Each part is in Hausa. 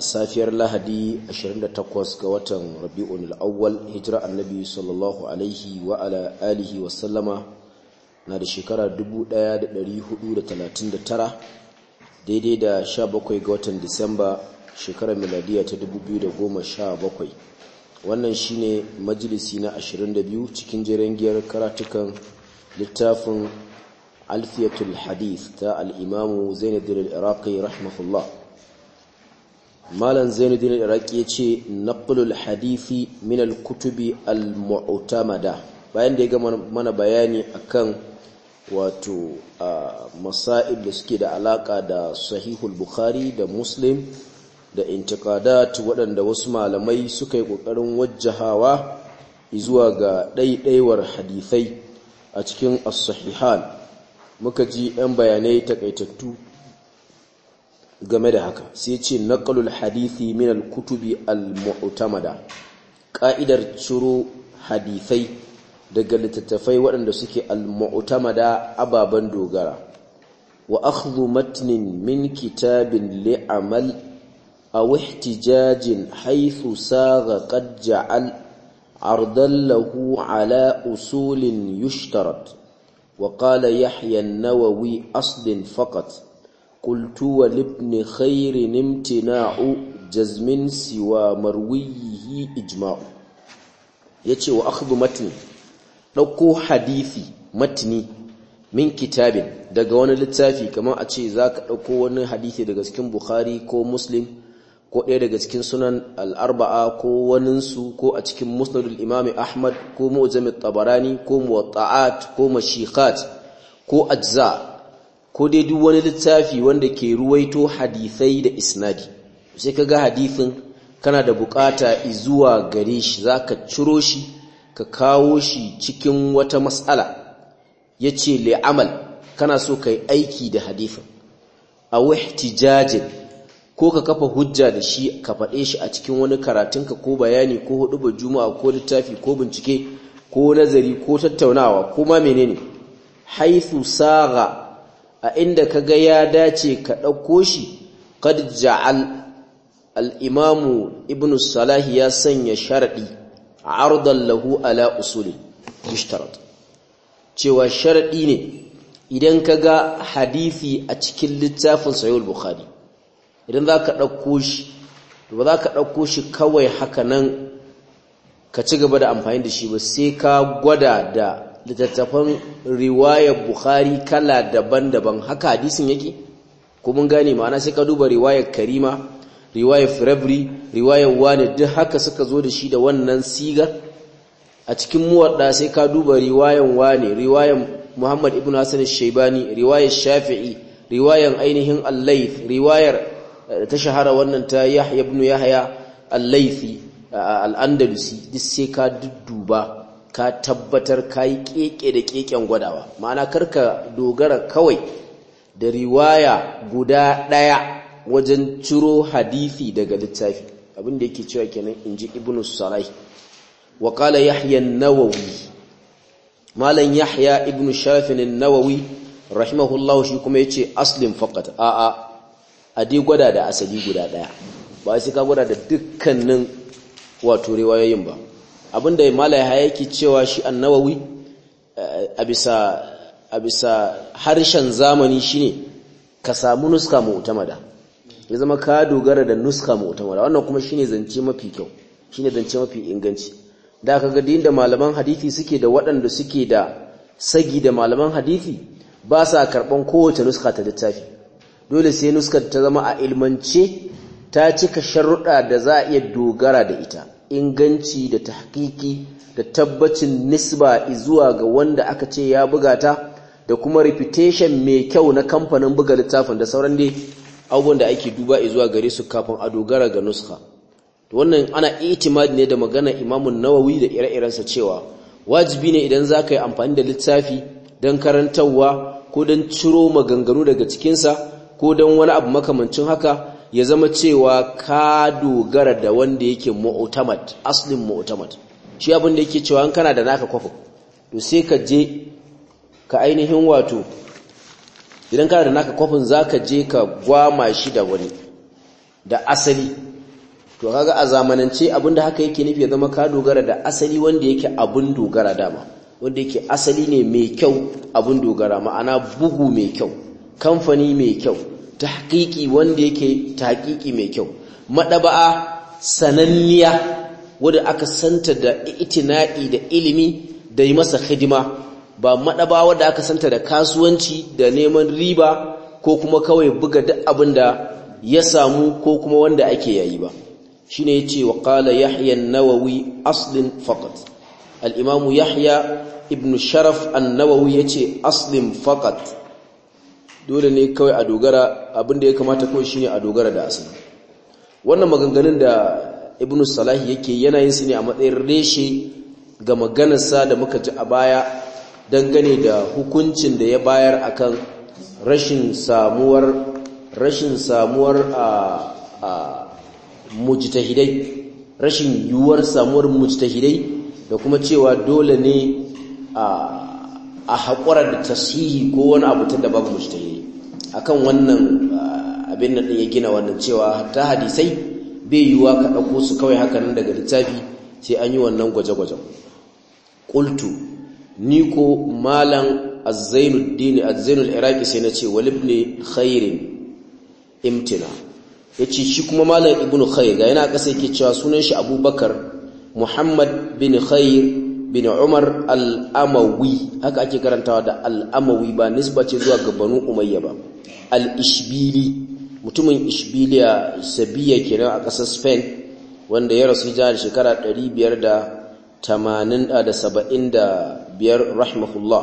safiyar lahadi 28 ga watan rabi'un al'awwal hijira annabi sallallahu alaihi wa ala alihi wa sallama na da shekara 1439 daidai da 17 ga watan disamba shekarar miladiya ta 2017 wannan shine majalisi na 22 cikin jirangiyar karatukan littafin alfiyatul hadith ta al'imamu zainuddin al'iraqi rahimahullah malam zainuddin iraki ya ce naqlul hadithi min al-kutubi al-mu'tamada bayan da ya gama mana bayani akan wato a mas'a'id da suke da alaka da sahihul bukhari da muslim da intiqadat waɗanda wasu malamai suka yi ƙoƙarin wajjahawa zuwa ga ɗaiɗaiwar hadithai a cikin as-sahihan muka ji 'yan bayanai takaitattu game da haka sai ce naqalul hadithi min al-kutubi al-mu'tamada ka'idar ciro hadithai daga littattafai waɗanda suke al-mu'tamada ababan dogara wa akhdhu matnin min kitabin li'amal aw ihtijajin haythu saga qad ja'al ardan lahu ala usulin yushtarat وقال يحيى النووي أصل فقط قلت ولابن خير امتناع جزم سوى مرويه إجماع yace wa akhdhu matni dauko hadisi matni min kitabin daga wani littafi kamar a ce zaka dauko wani hadisi daga cikin bukhari ko muslim ko ɗaya daga cikin sunan al-arba'a ko waninsu ko a cikin musnadul imami ahmad ko mu'jam tabarani ko muwatta'at ko mashiqat ko ajza ko dai duk wani littafi wanda ke ruwaito hadisai da isnadi sai kaga hadisin kana da bukata izuwa gare shi za ka ciro shi ka kawo shi cikin wata matsala yace ce amal kana so yi aiki da hadifin? a jajin ko ka kafa hujja da shi ka faɗe shi a cikin wani karatunka ko bayani ko ba juma'a ko littafi ko bincike ko nazari ko tattaunawa ko ma menene haithu saga a inda ka ga ya dace ka ɗauko shi kad ja'al al-imamu ibnu salah ya sanya sharadi a lahu ala usuli yushtarat cewa sharaɗi ne idan ka ga hadisi a cikin littafin sayul bukhari idan za ka ɗauko shi ba za ka ɗauko shi kawai haka nan ka ci gaba da amfani da shi ba sai ka gwada da littattafan riwayar bukhari kala daban-daban haka hadisin yake ko mun gane ma'ana sai ka duba riwayar karima riwayar firabri riwayar wani duk haka suka zo da shi da wannan sigar a cikin muwadda sai ka duba riwayar wani riwayar muhammad ibn hassan shaibani riwayar shafi'i riwayar ainihin allaith riwayar eh, ta shahara wannan ta yahya ibn yahya allaithi al'andalusi duk sai ka dudduba ka tabbatar ka yi keke da keken gwadawa ma'ana karka dogara kawai da riwaya guda ɗaya wajen ciro hadithi daga littafi abinda yake cewa kenan in ji ibnu sarai wa kala yahya nawawi malam yahya ibnu shafin nawawi rahimahullahu shi kuma ya ce aslin fakat a a adi gwada da asali guda ɗaya ba sai ka gwada da dukkanin wato riwayoyin ba abinda malaya yake cewa shi annawawi a bisa a bisa harshen zamani shine ka samu nuska mu'tamada ya zama ka dogara da nuska mu'tamada wannan kuma shine zance mafi kyau shine zance mafi inganci da aka din da malaman hadithi suke da waɗanda suke da sagi da malaman hadithi, ba sa karɓar kowace nuska ta littafi dole sai nuskar ta zama a ilmance ta cika sharuɗa da za a iya dogara da ita inganci da tahqiqi da tabbacin nisba zuwa ga wanda aka ce ya buga ta da kuma reputation mai kyau na kamfanin buga littafin da sauran dai abubuwan da ake duba zuwa gare su kafin a dogara ga nuska. wannan ana itimadi ne da magana imamun nawawi da ire-irensa cewa wajibi ne idan za ka yi amfani da littafi don karantarwa ko don ciro maganganu daga cikinsa ko don wani abu makamancin haka ya zama cewa ka dogara da wanda yake mu'tamad aslin mu'tamad shi abin da yake cewa in kana da naka kwafin to sai ka je ka ainihin wato idan kana da naka kwafin zaka je ka gwama shi da wani da asali to kaga a zamanance abinda haka yake nufi ya zama ka dogara da asali wanda yake abin dogara dama wanda yake asali ne mai kyau abin dogara ma'ana bugu mai kyau kamfani mai kyau tahqiqi wanda yake tahqiqi mai kyau madaba'a sananniya wanda aka santa da itina'i da ilimi da yi masa hidima ba madaba wanda aka santa da kasuwanci da neman riba ko kuma kawai buga duk abin da ya samu ko kuma wanda ake yayi ba shine yace wa qala yahya an-nawawi aslin faqat al imamu yahya ibn sharaf an-nawawi yace aslin faqat dole ne kawai a dogara abinda ya kamata kawai shine a dogara da asali wannan maganganun da ibnu salahi yake yana yin su ne a matsayin reshe ga maganarsa da muka ji a baya dangane da hukuncin da ya bayar akan rashin samuwar rashin samuwar a a mujtahidai rashin yiwuwar samuwar mujtahidai da kuma cewa dole ne a a haƙura da tasihi ko wani abu tun da babu mujtahidi akan wannan ah, abin da ya gina wannan cewa ta hadisai bai yiwuwa ka ɗauko su kawai haka nan daga littafi sai an yi wannan gwaje-gwajen ƙultu ni ko malam az-zainuddin iraki sai na walib walib ne khairin imtina ce shi kuma malam ibnu khair ga yana kasa yake cewa sunan shi abubakar muhammad bin khair bin Umar al'amawi, haka ake karantawa da al'amawi ba nisba ce zuwa ga Banu Umayya ba al-Ishbili mutumin Ishbiliya Sabiya kenan a ƙasar Spain wanda ya rasu jihar shekara 575 rahimahullah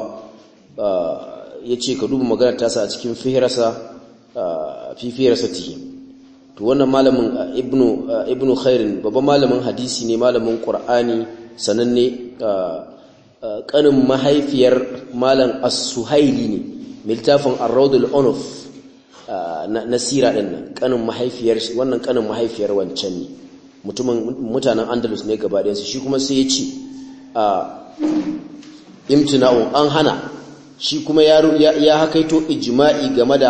ce ka duba magana tasa a cikin fihirasa fifirasa fihirasatihi to wannan malamin ibnu khairin babban malamin hadisi ne malamin qur'ani sananne kanin mahaifiyar malam as-suhaili ne miltafin ar-rawdul unuf na sira din nan kanin mahaifiyar shi, wannan kanin mahaifiyar wancan ne mutumin mutanen andalus ne gaba ɗayansu shi kuma sai ya ce imtina'un an hana shi kuma ya hakaito ijma'i game da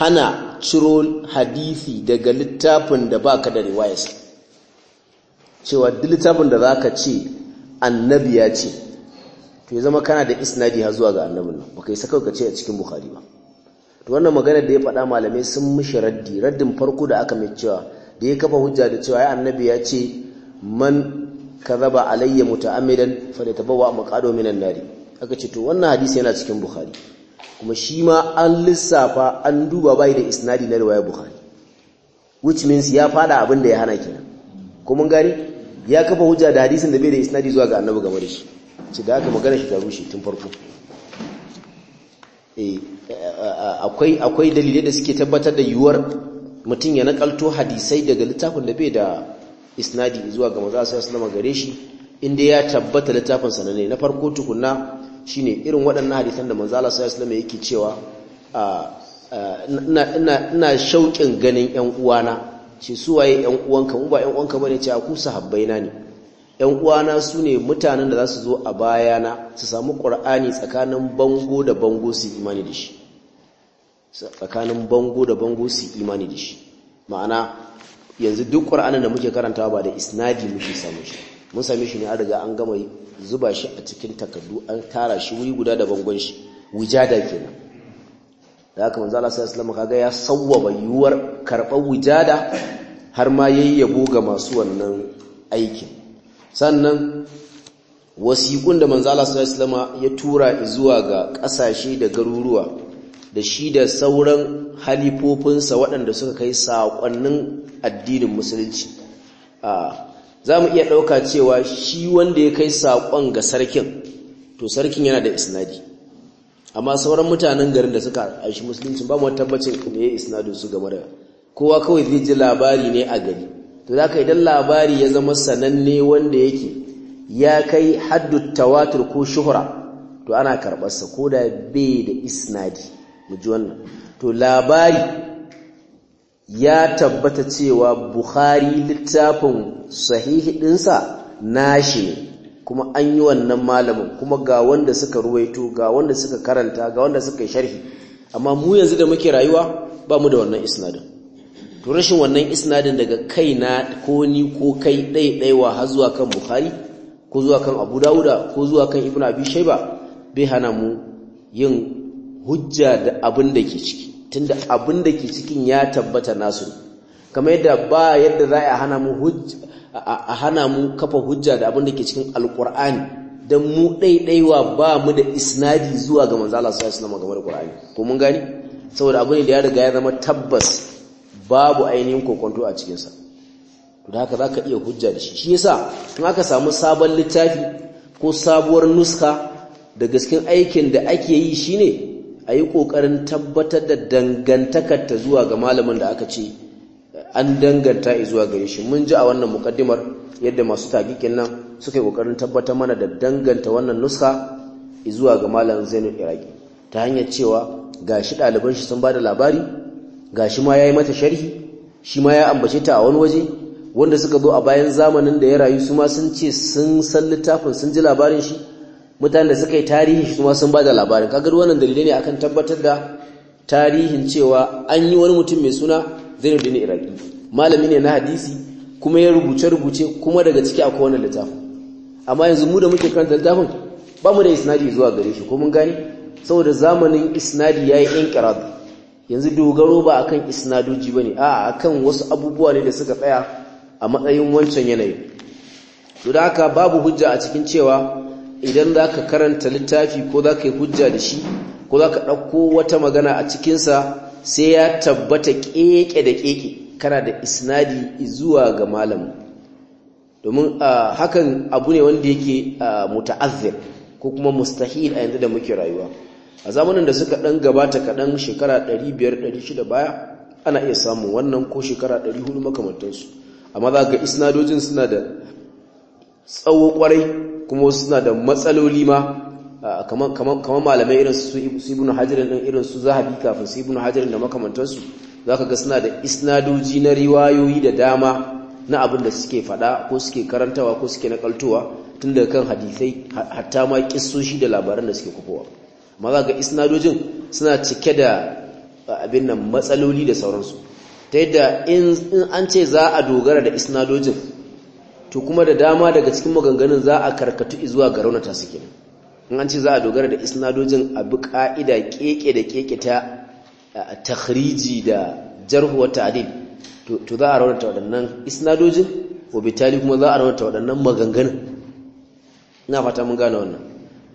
hana ciro hadisi daga littafin da baka da riwayarsa cewa duk littafin da ka ce annabi ya ce to ya zama kana da isnadi har zuwa ga annabin nan baka yi saka ka ce a cikin bukhari ba to wannan magana da ya faɗa malamai sun mishi raddi raddin farko da aka mai cewa da ya kafa hujja da cewa ya annabi ya ce man kadhaba alayya muta'ammidan falyatabawa maqado minan nari aka ce to wannan hadisi yana cikin bukhari kuma shi ma an lissafa an duba bai da isnadi na riwayar bukhari which means ya fada abin da ya hana kenan kuma gani ya kafa hujja da hadisin da bai da isnadi zuwa ga annabi game da shi ci da aka magana shi ta rushe tun farko eh, akwai dalilai da suke tabbatar da yiwuwar mutum ya nakalto hadisai daga littafin da bai da isnadi zuwa ga maza sai sallama gare shi inda ya tabbata littafin sanane na farko tukunna shine irin waɗannan hadisan da manzo Allah sallallahu alaihi yake cewa ah, ah, ina ina ina shauƙin ganin ƴan uwana ce su waye yan uwanka mu ba yan uwanka bane ce ku sahabbaina ne yan uwana su ne mutanen da za su zo a bayana su samu qur'ani tsakanin bango da bango su imani da shi tsakanin bango da bango su imani da shi ma'ana yanzu duk qur'anin da muke karantawa ba da isnadi muke samu shi mun same shi ne an riga an gama zuba shi a cikin takardu an tara shi wuri guda da bangon shi wujada kenan da haka manzo Allah sallallahu kaga ya sawwaba yiwuwar karɓar wujada har ma yayyabo ga masu wannan aikin sannan wasiƙun da manzo Allah sallama ya tura zuwa ga ƙasashe da garuruwa da shi da sauran halifofinsa waɗanda suka kai saƙonnin addinin musulunci za mu iya ɗauka cewa shi wanda ya kai saƙon ga sarkin to sarkin yana da isnadi amma sauran mutanen garin da suka aishi musulunci ba mu tabbacin ne ya isnadin su game da kowa kawai zai ji labari ne a gari to zaka idan labari ya zama sananne wanda yake ya kai haddu tawatur ko shuhura to ana karbar sa da bai da isnadi mu ji wannan to labari ya tabbata cewa Bukhari littafin sahihi dinsa nashi kuma an yi wannan malamin kuma ga wanda suka ruwaito ga wanda suka karanta ga wanda suka yi sharhi amma mu yanzu da muke rayuwa ba mu da wannan isnadin to rashin wannan isnadin daga kai na ko ni ko kai ɗaiwa, har zuwa kan bukhari ko zuwa kan abu dawuda ko zuwa kan ibnu abi shaiba bai hana mu yin hujja da abin da ke ciki tunda abin da ke cikin ya tabbata nasu kamar yadda ba yadda za a hana mu hujja a hana mu kafa hujja da abin da ke cikin alkur'ani don mu ɗaiɗaiwa ba mu da isnadi zuwa ga manzala su yasu alaihi game da Qur'ani ko mun gani saboda abu ne da ya riga ya zama tabbas babu ainihin kokonto a cikinsa. da haka za ka iya hujja da shi shi yasa in aka samu sabon littafi ko sabuwar nuska da gaskin aikin da ake yi shine yi kokarin tabbatar da dangantakar zuwa ga malamin da aka ce an danganta zuwa gare shi mun ji a wannan mukaddimar yadda masu tagikin nan suka yi kokarin tabbatar mana da danganta wannan nuska zuwa ga malam Zainul Iraki ta hanyar cewa gashi ɗaliban shi sun bada labari gashi ma yi mata sharhi shi ma ya ambace ta a wani waje wanda suka zo a bayan zamanin da ya rayu su ma sun ce sun san littafin sun ji labarin shi mutanen da suka yi tarihi shi ma sun bada labarin kagar wannan dalilai ne akan tabbatar da tarihin cewa an yi wani mutum mai suna zainuddin iraki malami ne na hadisi kuma ya rubuce rubuce kuma daga ciki akwai wannan littafin amma yanzu mu da muke karanta littafin ba mu da isnadi zuwa gare shi ko mun gani saboda zamanin isnadi yayi inqirad yanzu dogaro ba akan isnadoji ne. a akan wasu abubuwa ne da suka tsaya a matsayin wancan yanayi to da haka babu hujja a cikin cewa idan zaka karanta littafi ko zaka yi hujja da shi ko zaka ɗauko wata magana a cikinsa. sai ya tabbata keke da keke kana da isnadi zuwa ga malam, domin hakan abu ne wanda yake muta'azzir ko kuma mustahil a yanzu da muke rayuwa a zamanin da suka dan gabata kadan shekara 500 600 baya ana iya samun wannan ko shekara 400 makamantansu amma za ga isnadojin suna da tsawo kwarai kuma suna da matsaloli ma Ah, kamar malamai irin su ibn hajjirin ɗin irin su zahabi kafin su ibn hajjirin da makamantansu za ka ga suna da isnadoji na riwayoyi da dama na abin da suke fada, ko suke karantawa ko suke nakaltowa tun daga kan hadisai hatta ma kissoshi da labaran da suke kufowa amma za ga isnadojin suna cike da ah, abin nan matsaloli da sauransu ta yadda in an ce za a dogara da isnadojin to kuma da dama daga cikin maganganun za a karkatu zuwa ga raunata su kenan in an ce za a dogara da isnadojin abu ka'ida keke da keke ta takhriji da jarhu wa ta'dil to za a ta waɗannan isnadojin ko bitali kuma za a ta waɗannan maganganun ina fata mun gane wannan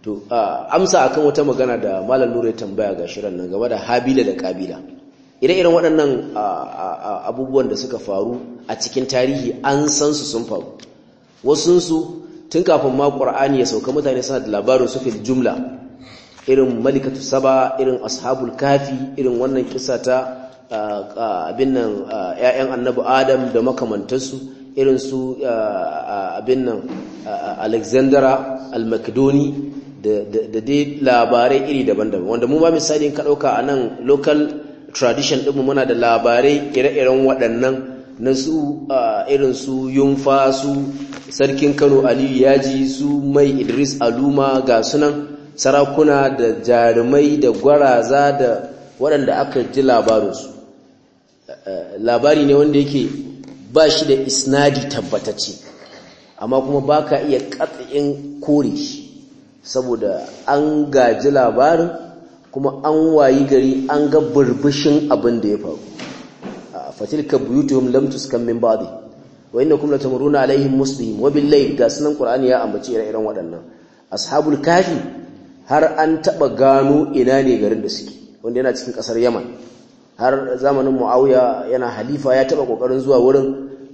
to amsa akan wata magana da malam nura ya tambaya ga shirin nan game da habila da kabila ire-iren waɗannan abubuwan da suka faru a cikin tarihi an san su sun faru wasunsu tun kafin ma ƙwar'ani ya sauka mutane suna da labarin su fil jumla irin malikatu saba irin ashabul kafi irin wannan kisa ta abin nan ƴaƴan annabi adam da makamantarsu, irin su abin nan alexandra al-makedoni da dai labarai iri daban-daban wanda mu ba misali ka ɗauka a nan local tradition ɗinmu muna da labarai ire-iren waɗannan na su irin su yunfa su sarkin kano aliyu ya ji su mai idris aluma ga sunan sarakuna da jarumai da gwaraza da waɗanda aka ji labarinsu labari ne wanda yake ba shi da isnadi tabbatacce amma kuma ba ka iya katsayin kore shi saboda an gaji labarin kuma an wayi gari an ga burbushin abin da ya faru fatilka buyutuhum lam tuskan min ba'di wa innakum latamuruna alaihim musbihim wa billayl ga sunan qur'ani ya ambaci ire-iren waɗannan ashabul kafi har an taba gano ina ne garin da suke wanda yana cikin kasar yaman har zamanin muawiya yana halifa ya taba kokarin zuwa wurin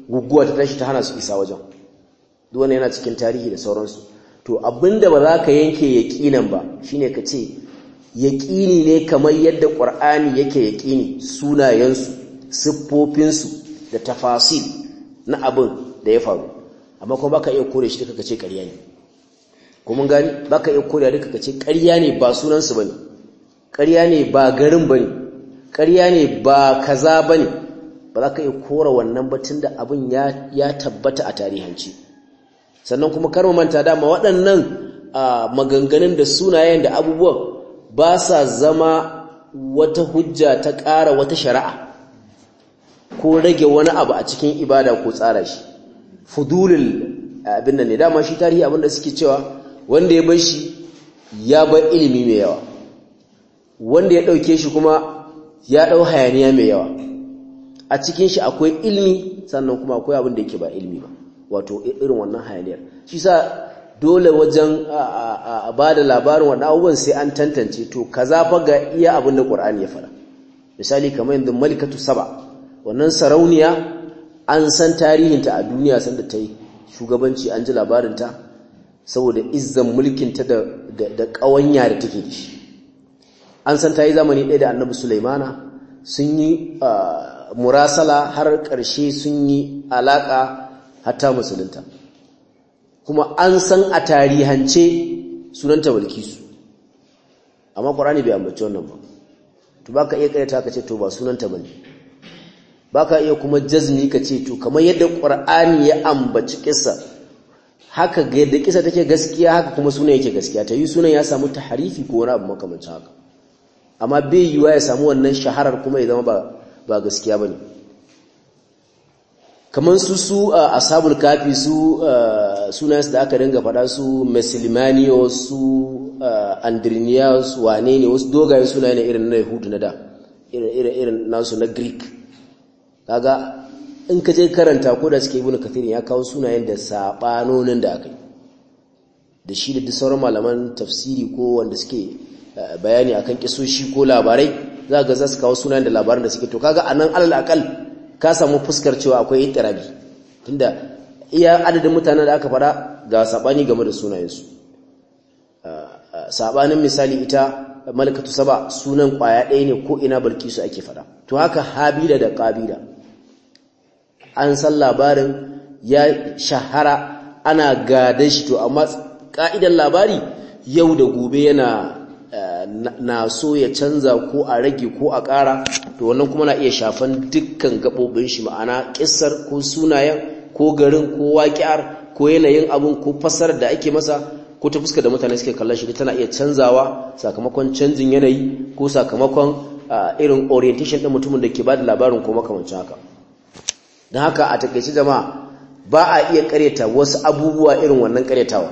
guguwa ta tashi ta hana su isa wajen duk yana cikin tarihi da sauransu to abinda ba za ka yanke yaqinan ba shine ka ce yaqini ne kamar yadda qur'ani yake yaqini sunayensu siffofinsu da tafasi na abin da ya faru amma kuma baka iya kore shi kaka ce ƙarya ne Kuma mun gani baka iya kore duka ce ƙarya ne ba sunansu ba ne. ƙarya ne ba garin ba ne. ƙarya ne ba kaza ne. ba za ka iya kora wannan ba da abin ya ya tabbata a tarihanci sannan kuma kar mu manta dama waɗannan maganganun da sunayen da abubuwan ba sa zama wata hujja ta ƙara wata shari'a ko rage wani abu a cikin ibada ko tsara shi fudulul abin nan ne dama shi tarihi abin da suke cewa wanda ya bar shi ya bar ilimi mai yawa wanda ya ɗauke shi kuma ya ɗau hayaniya mai yawa a cikin shi akwai ilimi sannan kuma akwai abin da yake ba ilimi ba wato irin wannan hayaniyar shi sa dole wajen ba da labarin wannan abubuwan sai an tantance to kaza zafa ga iya abin da ƙur'ani ya fara. misali kamar yanzu malikatu saba wannan sarauniya an san tarihinta a duniya sanda ta yi shugabanci an ji labarinta saboda izzan mulkinta da ƙawanya da take da shi an san ta yi zamani ɗaya da annabi sulaimana sun yi murasala har ƙarshe sun yi alaƙa hatta musulunta kuma an san a tarihance sunanta balkisu amma ƙwarani bai ambaci wannan ba to ba ka iya ƙareta ka ce to ba sunanta ba ne baka iya kuma jazmi ka ce to kamar yadda qur'ani ya ambaci kissa haka ga yadda kissa take gaskiya haka kuma sunan yake gaskiya ta yi sunan ya samu tahrifi ko wani abu makamancin haka amma bai wa ya samu wannan shaharar kuma ya zama ba ba gaskiya bane kamar su su ashabul kafi su su da aka ringa faɗa su muslimaniyo su andriniyas wane ne wasu dogaye sunaye ne irin na yahudu na da irin nasu na greek kaga in ka je karanta ko da suke ibnu kathir ya kawo sunayen da sabanonin da akai da shi da malaman tafsiri ko wanda suke eh, bayani akan kisoshi ko labarai za ga za su kawo sunayen da labaran da suke to kaga anan alal akal ka samu fuskar cewa akwai itirabi tunda iya adadin mutanen da aka fara ga sabani game da sunayen su. Eh, eh, sabanin misali ita malakatu saba sunan kwaya ɗaya ne ko ina balkisu ake fara to haka habila da qabila an san labarin ya shahara ana gada shi to amma ka'idan labari yau da gobe yana eh, na so ya canza ko a rage ko a ƙara to wannan kuma na iya shafan dukkan gaɓoɓin shi ma'ana ƙisar, ko sunayen ko garin ko waƙiyar ko yanayin abin ko fasar da ake masa ko ta fuska da mutane suke kallon shi tana iya canzawa sakamakon canjin yanayi ko sakamakon ah, irin orientation ɗin mutumin da ke ba da labarin ko makamancin haka don haka a takaice jama'a ba a iya kareta wasu abubuwa irin wannan karetawa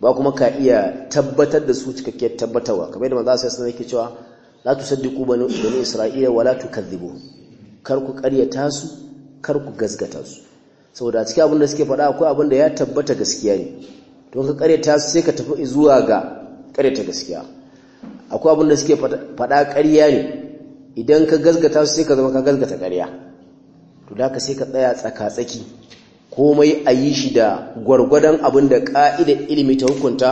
ba kuma ka iya tabbatar da su cikakkiyar tabbatawa kamar yadda manzo sallallahu alaihi cewa la tusaddiqu bani isra'ila wala tukadhibu kar ku karyata su kar ku gasgata su saboda cikin abin da suke faɗa akwai abin da ya tabbata gaskiya ne don ka kareta su sai ka tafi zuwa ga kareta gaskiya akwai abin da suke faɗa ƙarya ne idan ka gasgata su sai ka zama ka gasgata ƙarya to da ka sai ka tsaya tsaka-tsaki komai a yi shi da gwargwadon abin da ƙa'idar ilimi ta hukunta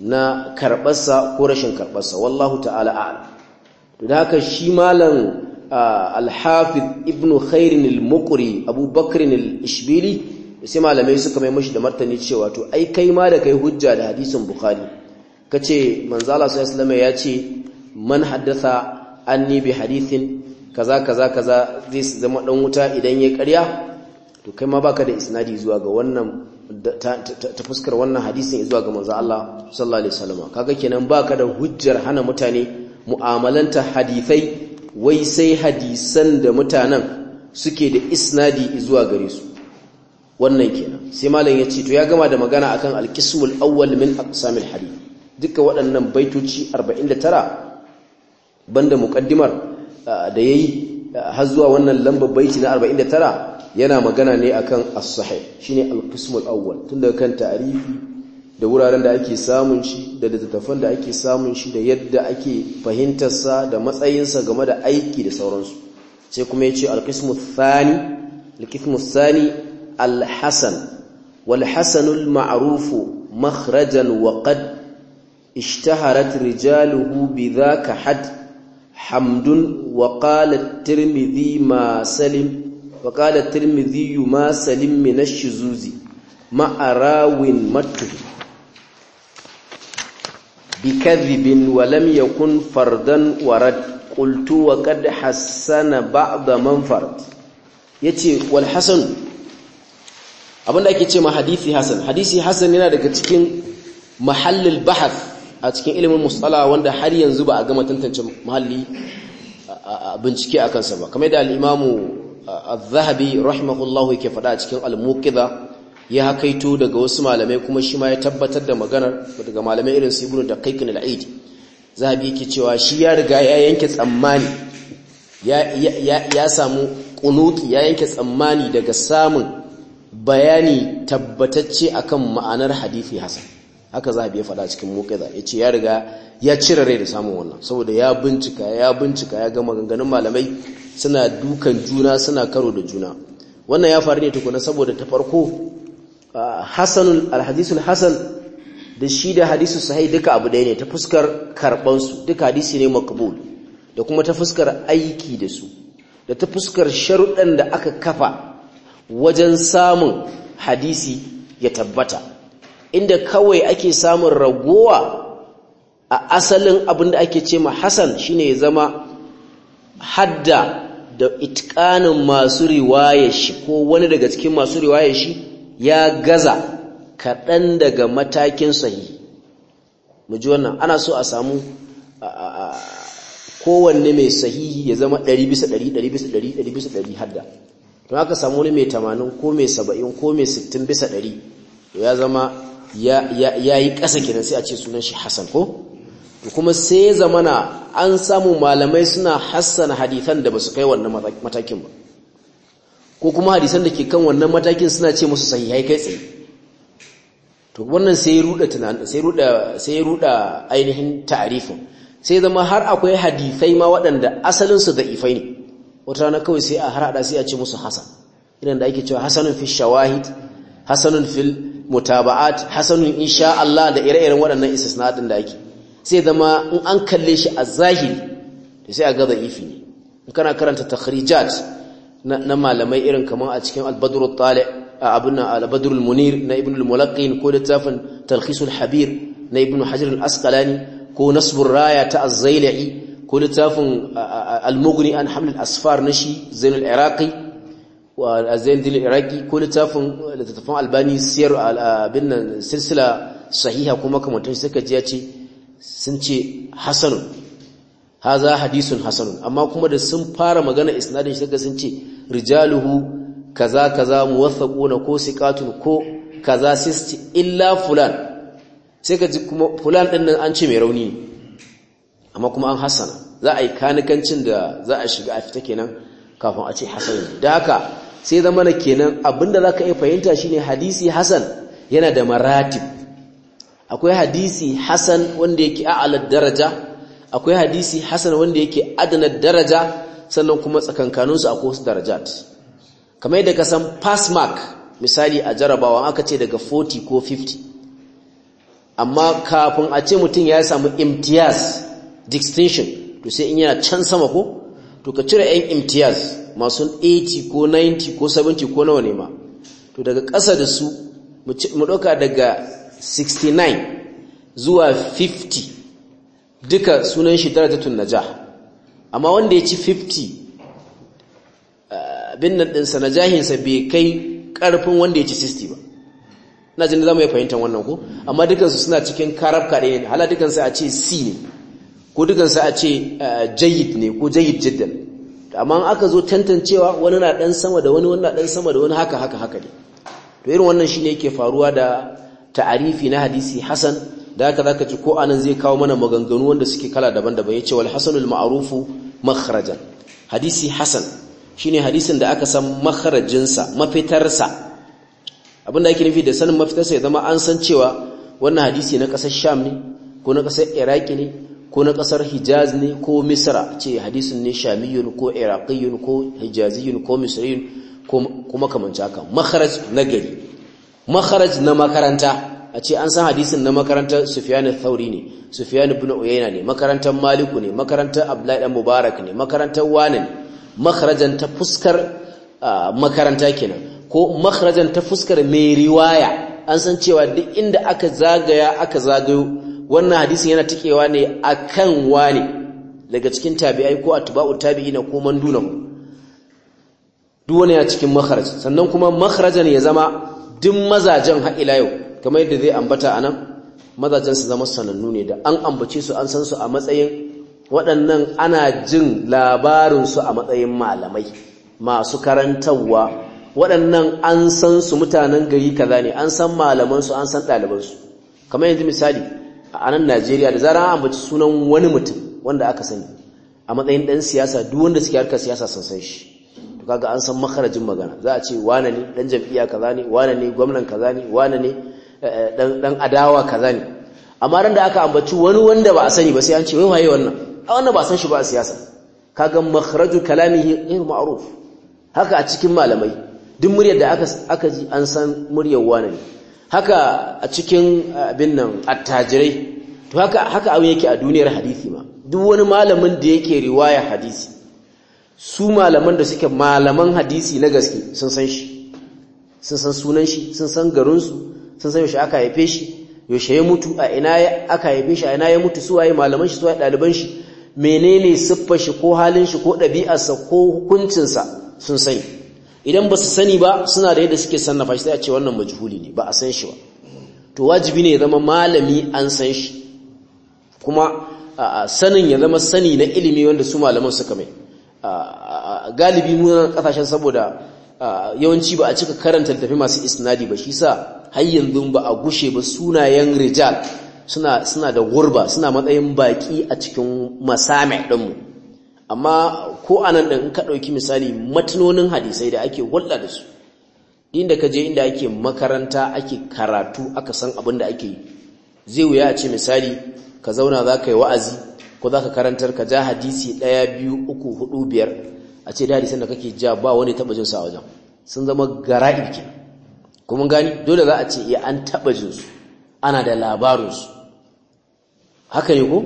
na karɓarsa ko rashin karɓarsa wallahu ta'ala a'ala to da ka shi malam alhafiz ibnu khairin al-muqri abubakar al-ishbili sai malamai suka mai mashi da martani cewa to ai kai ma da kai hujja da hadisin bukhari kace manzala sallallahu alaihi wasallam ya ce man haddatha anni bi hadithin kaza kaza kaza zai zama dan wuta idan ya ƙarya. to kai ma baka da isnadi zuwa ga wannan ta fuskar wannan hadisin zuwa ga manzo Allah sallallahu alaihi wasallam kaga kenan baka da hujjar hana mutane mu'amalanta hadisai wai sai hadisan da mutanen suke da isnadi zuwa gare su wannan kenan sai malam ya ce to ya gama da magana akan al-qismul awwal min aqsamil hadith duka waɗannan baitoci 49 banda muqaddimar da yayi har zuwa wannan lambar baiti na 49 yana magana ne akan as-sahih shine al-qismul awwal tun daga kan ta'rifi da wuraren da ake samun shi da littattafan da ake samun shi da yadda ake fahimtar sa da matsayin sa game da aiki da sauransu sai kuma yace al-qismul thani al-qismul thani al-hasan wal-hasan al makhrajan wa qad ishtaharat rijaluhu bidhaka hadd hamdun wa qala tirmidhi ma salim wa qala tirmidhi ma salim min ash-shuzuzi ma arawin matuh bi kadhibin wa fardan wa rad qultu wa qad hassana man fard yace wal hasan abinda ake ce ma hadisi hasan hadisi hasan yana daga cikin mahallul bahath a cikin ilimin musala wanda har yanzu ba a gama tantance muhalli bincike a kansa ba kamar da al'imamu al-zahabi rahimahullahu yake faɗa a cikin al ya hakaito daga wasu malamai kuma shi ma ya tabbatar da maganar daga malamai irin su ibnu da al-aidi zahabi yake cewa shi ya riga ya yanke tsammani ya samu kunuti ya yanke tsammani daga samun bayani tabbatacce akan ma'anar hadisi hasan haka a biya faɗa cikin muqiza ce ya riga ya cire rai da samun wannan saboda ya bincika ya bincika ya gama ganganun malamai suna dukan juna suna karo da juna wannan ya faru ne tukuna saboda ta farko hasanul alhadisul hasan da shi da hadisul sahai duka abu ɗaya ne ta fuskar karɓar su duka hadisi ne makabul da kuma ta fuskar aiki da su da ta fuskar sharuɗan da aka kafa wajen samun hadisi ya tabbata inda kawai ake samun ragowa a asalin abinda ake ce ma hassan shi ne zama hadda da itkanin masu riwaya shi ko wani daga cikin masu riwaya shi ya gaza kaɗan daga matakin sahi mu ji wannan ana so a samu kowanne mai sahihi ya zama 100 100 100 100 hadda don haka samu wani mai 80 ko mai 70 ko mai 60 100 ya zama ya yi ƙasa kenan sai a ce sunan shi Hassan ko kuma sai zamana an samu malamai suna hassana hadithan da ba su kai wannan matakin ba ko kuma hadisan da ke kan wannan matakin suna ce musu sahihai kai tsaye to wannan sai ruda sai ruda ainihin ta'arifin sai zama har akwai hadisai ma waɗanda asalinsu su da'ifai ne wata rana kawai sai a harada sai a ce musu hasan idan da ake cewa hasanun fi shawahid hasanun fil mutaba'at hasanun insha Allah da ire-iren waɗannan istisna'atin da ake sai zama in an kalle shi a zahiri to sai a ga za'ifi ne in kana karanta takhrijat na malamai irin kamar a cikin al-badr al-tali abun al-badr al-munir na ibn al-mulaqqin ko littafin talkhis al-habir na ibn hajar al-asqalani ko nasb raya ta az ko littafin al-mughni an al-asfar na shi zain al-iraqi azzaindil iraki ko littafin littattafan albani siyar abin nan silsila sahiha kuma kamantar suka ji ya ce sun ce hasanun haza hadisun hasanun amma kuma da sun fara magana isnadin shi sun ce rijaluhu kaza kaza muwaththaquna ko siqatun ko kaza sisti illa fulan sai ka ji kuma fulan din nan an ce mai rauni amma kuma an hasana za a yi kanikancin da za a shiga a fita kenan kafin a ce hasanun da haka sai zama na kenan abinda za ka iya fahimta shine hadisi Hassan yana da maratib akwai hadisi Hassan wanda yake a'alar daraja akwai hadisi Hassan wanda yake adanar daraja sannan kuma tsakankanunsu akwai daraja. darajat kamar yadda ka san pass mark misali a jarabawa aka ce daga 40 ko 50 amma kafin a ce mutum ya samu imtiyaz distinction to sai in yana can sama ko to ka cire 'yan imtiyaz masu 80 ko 90 ko 70 ko nawa ne ma to daga ƙasa da su mu ɗauka daga 69 zuwa 50 duka sunan shi ta najah amma wanda ya ci 50 eh, bin nan ɗinsa jahinsa bai kai ƙarfin wanda ya ci 60 ba na jini za mu yi fahimtar wannan ko amma dukansu suna cikin karabka ɗaya ne hala dukansu a ce c ne ko dukansu a ce eh, jayid ne ko jayid jiddan amma aka zo tantancewa wani na dan sama da wani wani na dan sama da wani haka haka haka ne to irin wannan shine yake faruwa da ta'arifi na hadisi hasan da haka zaka ji ko anan zai kawo mana maganganu wanda suke kala daban-daban yace wal hasanul ma'rufu makhrajan hadisi hasan shine hadisin da aka san makharajinsa mafitarsa abinda yake nufi da sanin mafitarsa ya zama an san cewa wannan hadisi na kasar Sham ne ko na kasar Iraki ne ko na kasar hijaz ne ko misra ce hadisin ne shamiyun ko iraqiyun ko hijaziyun ko misriyun ko makamanci haka makharaj na gari makharaj na makaranta a ce an san hadisin na makarantar Sufyan Thauri ne Sufyan ibn Uyayna ne makarantar Maliku ne makarantar Abdullahi dan Mubarak ne makarantar Wani ne makharajan ta fuskar makaranta kenan ko makharajan ta fuskar mai riwaya an san cewa duk inda aka zagaya aka zagayo wannan hadisin yana tikewa ne akan wane daga cikin tabi'ai ko atba'u na ko manduna duk wani a cikin makharaj sannan kuma makharajan ya zama duk mazajen ila yau kamar yadda zai ambata anan mazajen su zama sanannu ne da an ambace su an san su a matsayin waɗannan ana jin labarin su a matsayin malamai masu karantarwa waɗannan an san su mutanen gari kaza ne an san malaman su an san ɗaliban kamar yanzu misali a nan Najeriya da zara an bace sunan wani mutum wanda aka sani a matsayin dan siyasa duk wanda suke harkar siyasa sun san shi to kaga an san makarajin magana za a ce wane ne dan jam'iyya kaza ne wane ne gwamnan kaza ne wane ne dan eh, eh, dan adawa kaza ne amma ran da aka ambaci wani wanda ba a sani ba sai an ce wai waye wannan a wannan ba san shi ba a siyasa kaga makharaju kalamihi ghayr ma'ruf haka a cikin malamai duk muryar da aka aka ji an san muryar wane ne haka a cikin eh, abin nan attajirai to haka haka abin yake a duniyar hadisi ma duk wani malamin da yake riwaya hadisi su malaman da suke malaman hadisi na gaske sun san shi sun san sunan shi sun san garin su sun san yaushe aka haife shi yaushe ya mutu a ina ya aka haife shi a ina ya mutu su waye malaman shi su waye ɗaliban shi menene siffar shi ko halin shi ko sa ko hukuncinsa sun sani idan ba su sani ba suna da yadda suke sannafa shi sai a ce wannan majhuli ne ba a san shi ba to wajibi ne ya zama malami an san shi kuma sanin ya zama sani na ilimi wanda su malaman suka mai galibi mu kasashen saboda yawanci ba a cika karanta tafi masu isnadi ba shi sa har yanzu ba a gushe ba sunayen rijal suna suna da gurba suna matsayin baki a cikin masami ɗinmu amma ko anan din in ka ɗauki misali matinonin hadisai da ake hulɗa da su inda ka je inda ake makaranta ake karatu aka san abin da ake yi zai wuya a ce misali ka zauna za ka yi wa'azi ko za ka karantar ka ja hadisi ɗaya biyu uku hudu biyar a ce da hadisan da kake ja ba wani taɓa jinsu a wajen sun zama gara ke kuma gani dole za a ce iya eh, an taɓa jinsu ana da labarinsu haka ne ko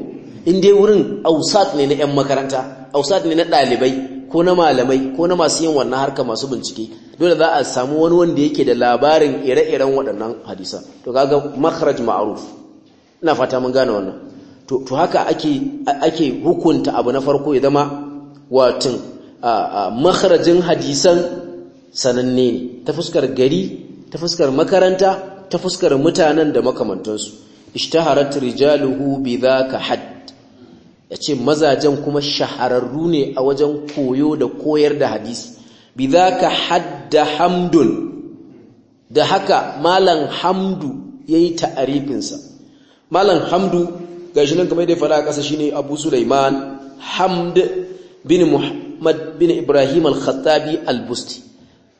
in dai wurin ausat ne na 'yan makaranta ausad ne na ɗalibai ko na malamai ko na masu yin wannan harka masu bincike dole za a samu wani wanda yake da labarin ire-iren waɗannan hadisa. to kaga makharaj ma'ruf ina fata mun gane wannan to to haka ake ake hukunta abu na farko ya zama watin makharajin hadisan sananne ne ta fuskar gari ta fuskar makaranta ta fuskar mutanen da makamantansu ishtaharat rijaluhu bidhaka hadd ya ce mazajen kuma shahararru ne a wajen koyo da koyar da hadisi bi za ka hadda hamdun da haka malam hamdu ya yi ta'arifinsa malam hamdu ga shi nan kamar da ya fara a ƙasa shi ne abu sulaiman hamd bin muhammad bin ibrahim al-khattabi al-busti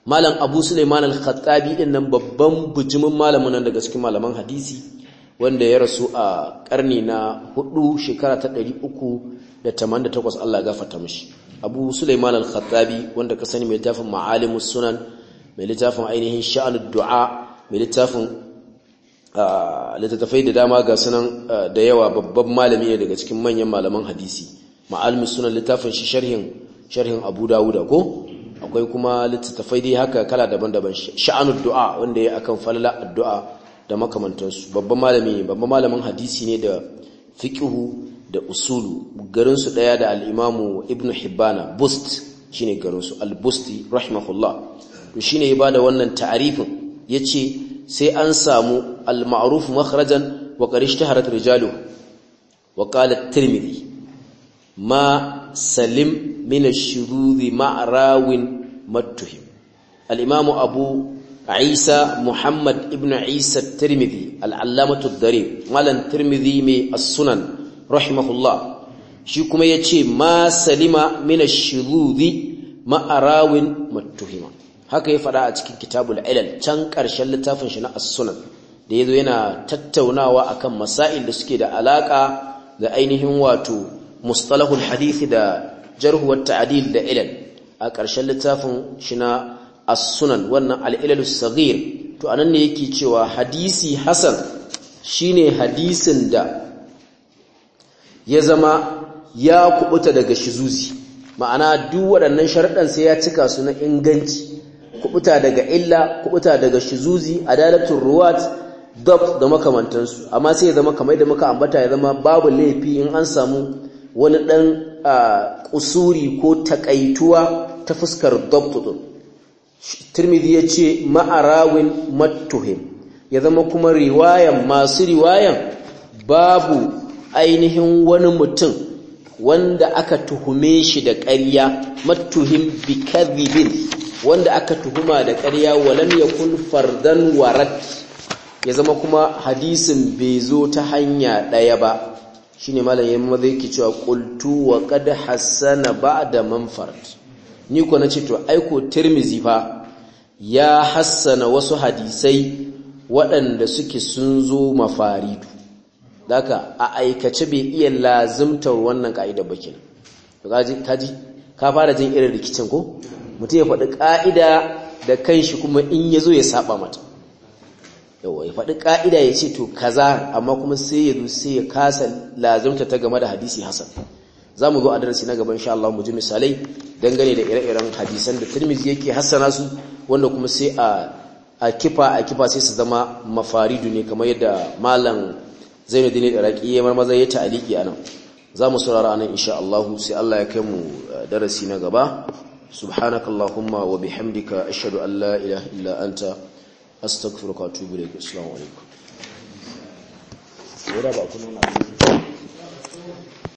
malam abu sulaiman al-khattabi ɗin nan babban bujimin malamin nan daga cikin malaman hadisi wanda ya rasu a karni na hudu shekara ta 388 Allah gafarta mishi Abu Sulaiman al-Khattabi wanda ka sani mai littafin Ma'alimus Sunan mai littafin ainihin Sha'anud Du'a mai littafin littattafai da dama ga sunan da yawa babban malami ne daga cikin manyan malaman hadisi Ma'alimus Sunan littafin shi sharhin sharhin Abu Dawuda ko akwai kuma littattafai dai haka kala daban-daban Sha'anud Du'a wanda ya akan falala addu'a da makamantarsu babban malami babban malamin hadisi ne da fiqhu da usulu garin su daya da al-imamu ibn hibbana bust shine garin su al-busti rahimahullah to shine ya bada wannan ta'arifin yace sai an samu al-ma'ruf makhrajan wa qad rijalu wa qala at-tirmidhi ma salim min ash-shudud ma'rawin mattuhim al-imamu abu Isa Muhammad ibnu Isa Tirmidhi al-Allamatu ad-Darir malan Tirmidhi mai as rahimahullah shi kuma yace ma salima min ash-shududi ma arawin mattuhima haka ya fada a cikin kitabu ilal can karshen littafin shi na as-Sunan da yazo yana tattaunawa akan masail da suke da alaka da ainihin wato mustalahul hadith da jarh wa ta'dil da ilal a karshen littafin shi na as-sunan wannan al-ilalus saghir to anan ne yake cewa hadisi hasan shine hadisin da ya zama ya kubuta daga shizuzi ma'ana duk waɗannan sharadan sai ya cika su na inganci kubuta daga illa kubuta daga shizuzi adalatul ruwat dab da makamantansu amma sai ya zama kamar da muka ambata ya zama babu laifi in an samu wani dan ah, kusuri ko takaituwa ta fuskar dabtu tirmidhi ya ce ma'arawin matuhim ya zama kuma riwayan masu riwayan babu ainihin wani mutum wanda aka tuhume shi da ƙarya matuhim bikadhibin wanda aka tuhuma da ƙarya walam yakun fardan warat ya zama kuma hadisin bai zo ta hanya ɗaya ba shine malam yamma maza ki cewa qultu wa qad hassana ba'da manfard ni ko na ce to aiko tirmizi fa ya hassana wasu hadisai waɗanda suke sun zo mafaridu daga a aikace bai iya lazimtar wannan ka'ida ba kenan kaji ka fara jin irin rikicin ko mutum ya faɗi ka'ida da kanshi kuma in yazo ya saba mata yawa ya faɗi ka'ida ya ce to kaza amma kuma sai ya zo sai ya kasa lazimta ta game da hadisi hasan za mu zo a darasi na gaba sha'allah mu ji misalai dangane da ire-iren hadisan da Tirmidhi yake hassana su wanda kuma sai a kifa a kifa sai su zama mafaridu ne kamar yadda malam da raƙi ya marmaza ya ta'aliki anan za mu saurara anan nan Allah sai Allah ya kai mu darasi na gaba subhanakallahumma wa bihamdika ashhadu an la ilaha illa anta astaghfiruka wa atubu ilaik assalamu